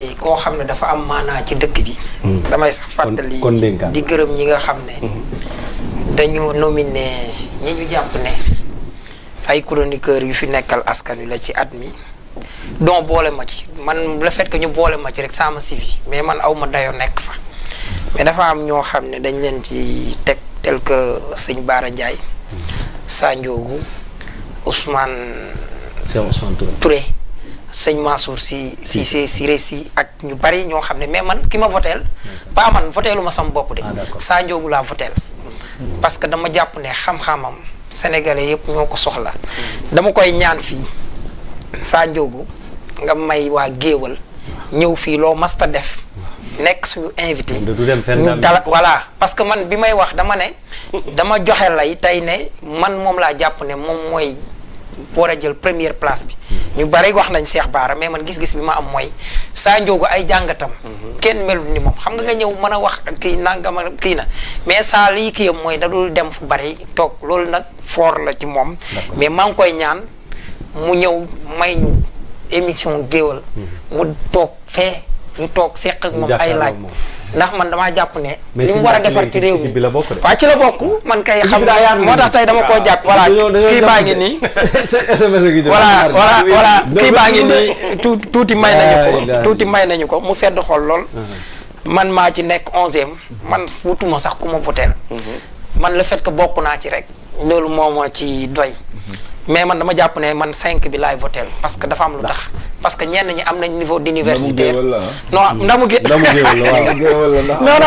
Eh, koo xam ne dafa am maanaa ci dëkk bi. Hmm. damay sax fàttali di gërëm ñi nga xam ne. Hmm. dañu nominé ñi ñu jàpp ne ay chroniqueurs yu fi nekkal askan wi la ci at mi. doo boole ma ci man le fait ñu boole ma ci rek sama civi mais man aw ma dayoo nekk fa. mais dafa am ñoo xam ne dañ leen ci teg tel que sëñ Baara njaay Sa Ndiogou Ousmane. Ousmane sëñ Mansour si si si si rési ak ñu bari ñoo xam ne mais man ki ma voteel ba man voteelu ma sama bopp de ah, saa njoogu laa voteel parce que dama jàpp ne xam-xamam sénégalais yëpp ñoo ko soxla dama koy ñaan fii saa njoogu nga may waa géewal ñëw fii loo masta def nekk suñu invité ñu dala voilà parce que man bi may wax dama ne dama joxe lay tey ne man moom laa jàpp ne moom mooy war a jël première place bi ñu bari wax nañ Cheikh Bara mais man gis-gis bi ma am mooy saa njoogu ay jàngatam mhm. kenn melut ni moom xam nga nga ñëw mën a wax kii nangama kii na mais saa lii kiyam mooy dadul dem fu bari toog loolu nag foor la ci moom mais maa ngi koy ñaan mu ñëw may ñu émission géwël mhm. mu toog fee ñu toog seq ak moom ay laaj ndax man damaa jàpp ne. li mu war a defar ci réew mi waaw ci la bokk man kay xam moo tax tey dama koo ah, jàpp voilà kii baa ngi nii. SMS gi ngi nii tuuti tuuti may nañu ko tuuti may nañu ko mu sedd xool lool. Ah, ah. man maa ci nekk onzième mm-hmm. man wutuma sax ku ma voteel mm-hmm. man la fait ko bokk naa ci rek. loolu moo ma ci doy. Mm-hmm. mais man dama jàpp ne man cinq bi laay voteel parce que dafa am lu tax. parce que ñenn ñi am nañ niveau d'université ah. non ndamu gé non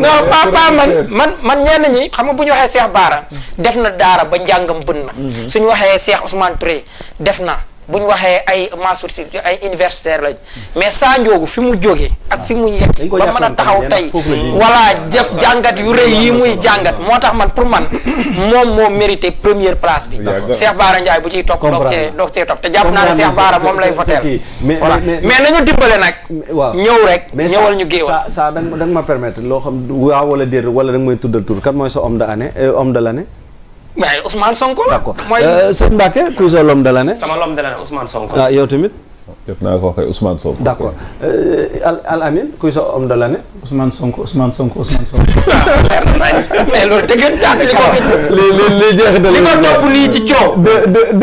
non man man man ñenn ñi xam nga bu ñu waxee Cheikh Bara def na daara ba njàngam bën na mm-hmm. suñu waxee Cheikh Ousmane Touré def na bu ñu waxee ay Mansour Cissé ay universitaire lañ mais saa njoogu fi mu jógee ak fi mu yegg ba mën a taxaw tey voilà jëf jàngat yu rëy yi muy jàngat moo tax man pour man moom moo mérité première place bi Cheikh Bara Ndiaye bu ciy topp doog cee doog cee topp te jàpp naa ne Cheikh Bara moom lay voteel voilà mais nañu dimbale nag waaw ñëw rek ñëwal ñu géewal ça da nga ma permettre loo xam waaw wala déet wala da may tuddal tur kan mooy sa homme de année euh, homme de l'année waaye Ousmane Sonko la. d'accord euh, sëñ Mbacke ku sa l'homme de l'année. sama l'homme de l'année Ousmane Sonko. ah yow tamit. jot naa ko waxee Sonko. d'accord euh, Al Amin kuy li ko. li li li li ko topp nii ci coow. deux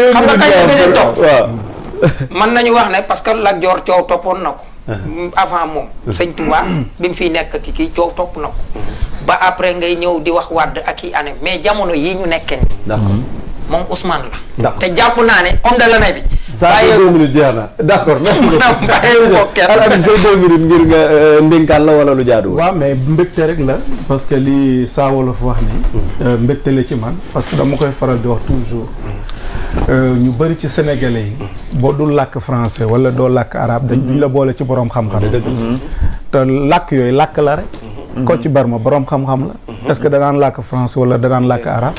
mën nañu wax ne parce que Lat Joor coow toppoon na ko. Ah. avant moom. Ah. sëñ Touba bi mu fiy nekk kii coow topp na ko. ba après ngay ñëw di wax Wade ak i année mais jamono yi ñu nekkee nii. moom Ousmane la. te jàpp naa ne homme de l'année bi. saa yu deux minutes jeex na d' accord merci beaucoup maanaam say deux minutes ngir nga euh, ndénkaan la wala lu jaadu. waaw mais mbégte rek la parce que li Saa Wolof wax ni euh, mbëgte la ci man parce que dama koy faral di wax toujours. Euh, ñu bëri ci sénégalais yi. boo dul làkk français wala doo làkk arabe. dañ duñ la boole ci borom xam-xam. te làkk yooyu làkk la Kocc Barma borom xam-xam la. Mhm. est-ce que danaan làkk france wala danaan làkk arab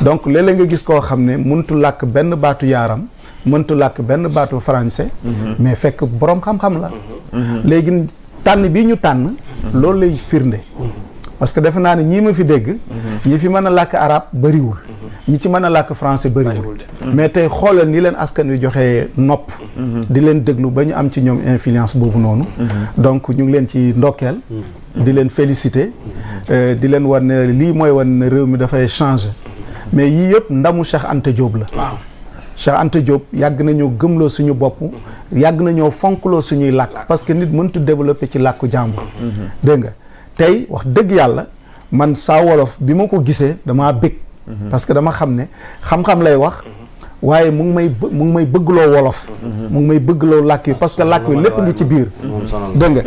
donc léeg-léeg nga gis koo xam ne mëntu làkk benn baatu yaaram. mëntu làkk benn baatu français. Mhm. mais fekk boroom xam-xam la. Mhm. léegi tànn bi ñu tànn. loolu lay firnde. parce que defe naa ne ñii ma fi dégg. ñi fi mën a làkk arab bëriwul. ñi ci mën a làkk français bëriwul. mais tey xoolal nii leen askan wi joxe nopp. di leen déglu ba ñu am ci ñoom influence boobu noonu. donc ñu ngi leen ci ndokkeel. di leen féliciter euh, di leen war ne lii mooy war ne réew mi dafay changer mais yii yëpp ndamu Cheikh ante Diop la. waaw Cheikh Anta Diop yàgg nañoo gëmloo suñu bopp yàgg nañoo fonkloo suñuy làkk. parce que nit mënut développer ci làkku jàmbur. dégg nga tey wax dëgg yàlla man saa wolof bi ma ko gisee damaa bëgg. Mhm. parce que dama xam ne xam-xam lay wax. waaye mu ngi may mu ngi may bëggloo wolof mu ngi may bëggloo làkk yi parce que làkk yi lépp ngi ci biir dégg nga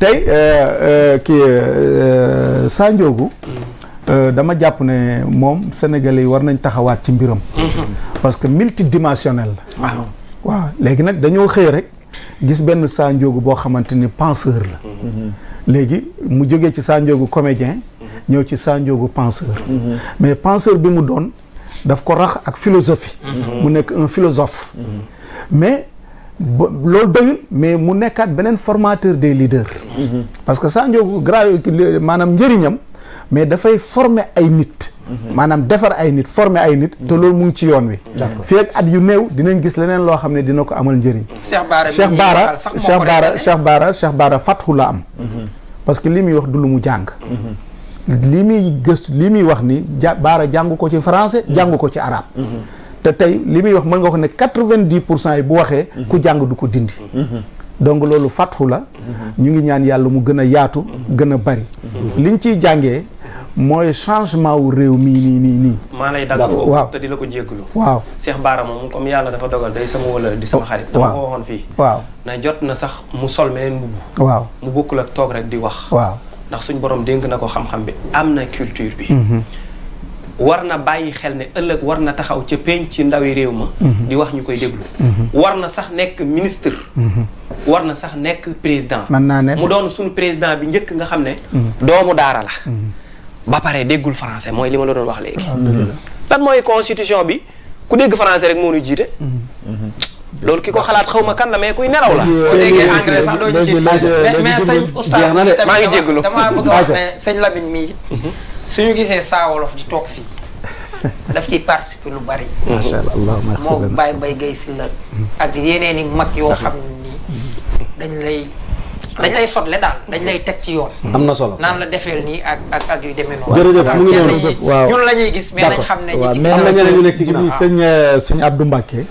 tey euh, euh, kii euh, Sanjoogu dama jàpp ne moom sénégalais yi war nañ taxawaat ci mbiram parce que multidimensionnel la ah waaw léegi nag dañoo xëy rek gis benn Sanjoogu boo xamante ni penseur la léegi mu jógee ci Sanjoogu comédien ñëw ci Sanjoogu penseur mm-hmm. mais penseur bi mu doon daf ko rax ak philosophie mu nekk un philosophe mais loolu doyul mais mu nekkaat beneen formateur des leaders parce que saa Ndiogou grave maanaam njëriñam mais dafay former ay nit maanaam defar ay nit former ay nit te loolu mu ngi ci yoon wi fii ak at yu néew dinañ gis leneen loo xam ne dina ko amal njëriñ Cheikh Bara Cheikh baara Cheikh Bara Cheikh Bara Cheikh Bara fatxu la am mhm. parce que lii muy wax du lu mu jàng mhm. li muy gëstu li muy wax ni ja baara jàng ko ci france mm-hmm. jàng ko ci arabe. Mm-hmm. te tey li muy wax mën nga ko ne quatre-vingt-dix pour cent yi bu waxee. Mm-hmm. ku jàng du ko dindi. donc loolu fatxu la. ñu ngi ñaan yàlla mu gën a yaatu. gën a bari. liñ ciy jàngee mooy changement wu réew mii nii nii nii. maa lay dagg foofu te di la ko jéggalu. waaw Cheikh Bara moom comme yàlla dafa dogal day sama wala di sama xarit. waaw dama ko waxoon fii. waaw na jot na sax mu sol meneen mbubb. waaw mu bokkul ak toog rek di wax. waaw. ndax suñ borom dénk na ko xam-xam bi am na culture bi. Mhm. war na bàyyi xel ne ëllëg war na taxaw ca penc ci ndawi réew ma. Mhm. di wax ñu koy déglu. Mhm. war na sax nekk ministre. war na sax nekk président. mën naa ne mu doon suñu président bi njëkk nga xam ne. doomu daara la. ba pare déggul français mooy li ma la doon wax léegi. Ah, lan mooy constitution bi ku dégg français rek moo ñu jiite. loolu ki ko xalaat xaw ma kan la mais kuy nelaw la. boo déggee engrais sax doo ñu ci mais maa ngi jégalu damaa bëgg a wax ne sëñ Lamine mii it mhm. suñu gisee saa wolof di toog fii daf ci participer lu bari. macha allah moo bàyyi bay gay si la ak yeneen i mag yoo xam ni dañ lay. dañ lay sotle daal dañ lay teg ci yoon. am na solo naan la defeel nii ak ak ak yu demee noonu. jërëjëf waaw ñun la ñuy gis. mais nañ xam ne ñi ci nekk ci ginnaaw sëñ euh, sëñ Abdou Mbacke.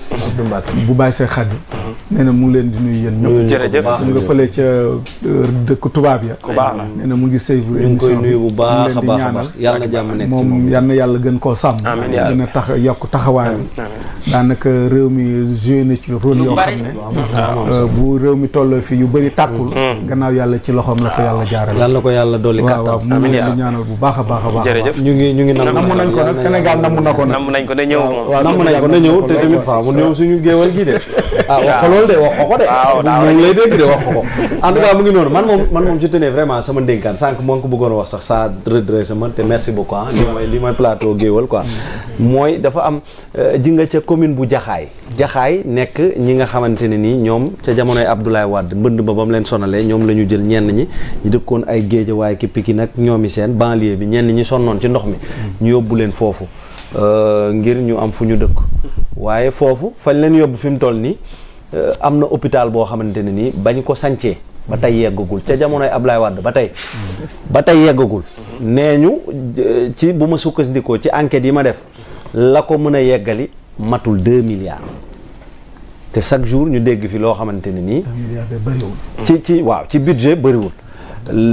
bu Baye sa Khady. Mhm. nee na mu ngi leen di nuyu yéen ñëpp. jërëjëf mu nga fële ca euh, dëkk tubaab ya. ku baax mu ngi suivre émission bi mu ngi leen di ñaanal yal na jàmm moom yal yàlla gën koo sàmm. amiin yàlla a tax yokk taxawaayam. daanaka réew mi joué na ci rôle yoo xam ne euh, bu réew mi tolloo fi yu bëri tàkkul mm. Hmm. gannaaw yàlla ci loxoom la ko ah. yàlla jaarale yàlla ko yàlla dolli kattan amiin waaw mu ngi ñaanal bu baax a baax a baax jërëjëf ñu ngi ñu ngi namm nañ ko nag Sénégal namm na ko nag namm nañ ko na ñëw waaw namm nañ ko na ñëw te tamit fa mu ñëw suñu géewal gi de ah wax ko loolu de wax ko de mu ngi lay dégg noonu man moom man moom je tenais vraiment sama ndénkaan sànq moo ngi ko bëggoon wax sax ça redresse man te merci beaucoup ah mooy dafa am euh, ji nga ca commune bu jaxaay jaxaay nekk ñi nga xamante nii ñoom ca jamonoy Abdoulaye Wade mbënd ba ba leen sonalee ñoom la ñu jël ñenn ñi ñu dëkkoon ay géejawaay ki piki nag ñoomi seen banlieue bi ñenn ñi sonnoon ci ndox mi ñu yóbbu leen foofu euh, ngir ñu am fu ñu dëkk waaye foofu fañ leen yóbbu fi mu toll nii euh, am na hôpital boo xamante ne nii bañ ko sancee ba tey yeggagul ca jamonoy Ablaye wàdd ba tey ba tey yeggagul nee ñu euh, ci bu ma sukkandikoo ci enquête yi ma def la ko mën a yeggali matul deux milliards te chaque jour ñu dégg fi loo xamante ne nii. ci ci waaw ci budget bëriwul.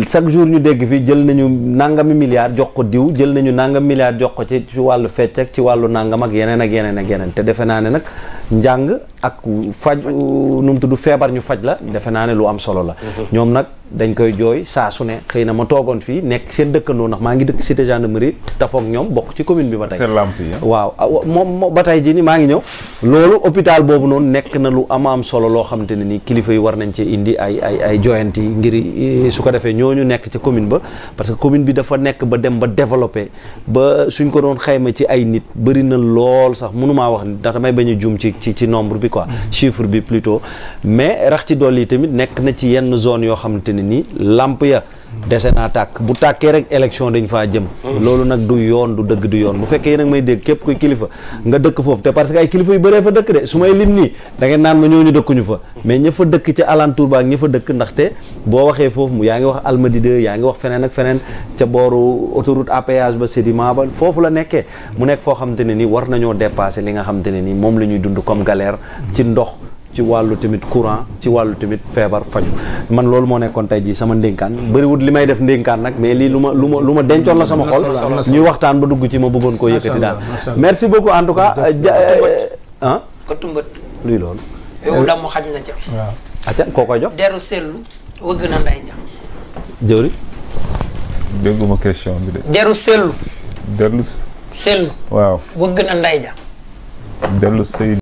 chaque jour ñu dégg fi jël nañu nangami milliard jox ko diw jël nañu nangam milliards jox ko ci ci wàllu fecc ak ci wàllu nangam ak yeneen ak yeneen ak yeneen te defe naa ne nag njàng ak faj nu tudd feebar ñu faj la defe naa ne lu am solo la mhm. ñoom nag. dañ koy jooy saa su ne xëy na ma toogoon fii nekk seen dëkkandoo ndax maa ngi dëkk cité gendarmerie tafoog ñoom bokk ci commune bi ba tey ah. waaw ah, moom ba tey ji ni maa ngi ñëw loolu hôpital boobu noonu nekk na lu am am solo loo xamante ne ni kilifa yi war nañ cee indi ay ay ay joyanti ngir eh, su ko defee ñu nekk ca commune ba parce que commune bi dafa nekk ba dem ba développé ba suñ ko doon xayma ci ay nit bëri na lool sax mënumaa wax ndax damay bañ a juum ci ci ci nombre bi quoi chiffre bi plutôt mais tamit nekk na ci yenn zone yoo xamante ne nii làmp ya dese naa tàkk bu tàkkee rek élection dañ faa jëm loolu nag du yoon du dëgg du yoon bu fekkee yéen a ngi may dégg képp kuy kilifa nga dëkk foofu te parce que kilifa yu bëree fa dëkk de su may lim nii da ngeen naan ma fa mais ña fa dëkk ca alentour ba ak ña fa dëkk ndaxte boo waxee foofu yaa ngi wax Almadies 2 yaa ngi wax feneen ak feneen ca booru autoroute à péage ba Sédiment ba foofu la nekkee mu nekk foo xamante ne nii war nañoo dépasser li nga xamante ne nii moom la ñuy dund comme galère ci ndox ci wàllu tamit courant ci wàllu tamit feebar faju man loolu moo nekkoon tey jii sama ndénkaan bëriwut li may def ndénkaan nag mais lii lu ma lu ma lu ma dencoon la sama xol ñuy waxtaan ba dugg ci ma bëggoon koo yëkkati daal merci beaucoup en tout cas euh, ah kotumbat luy loolu yow damu xaj koo koy jox deru sellu wëgg na nday ja jëwri question bi de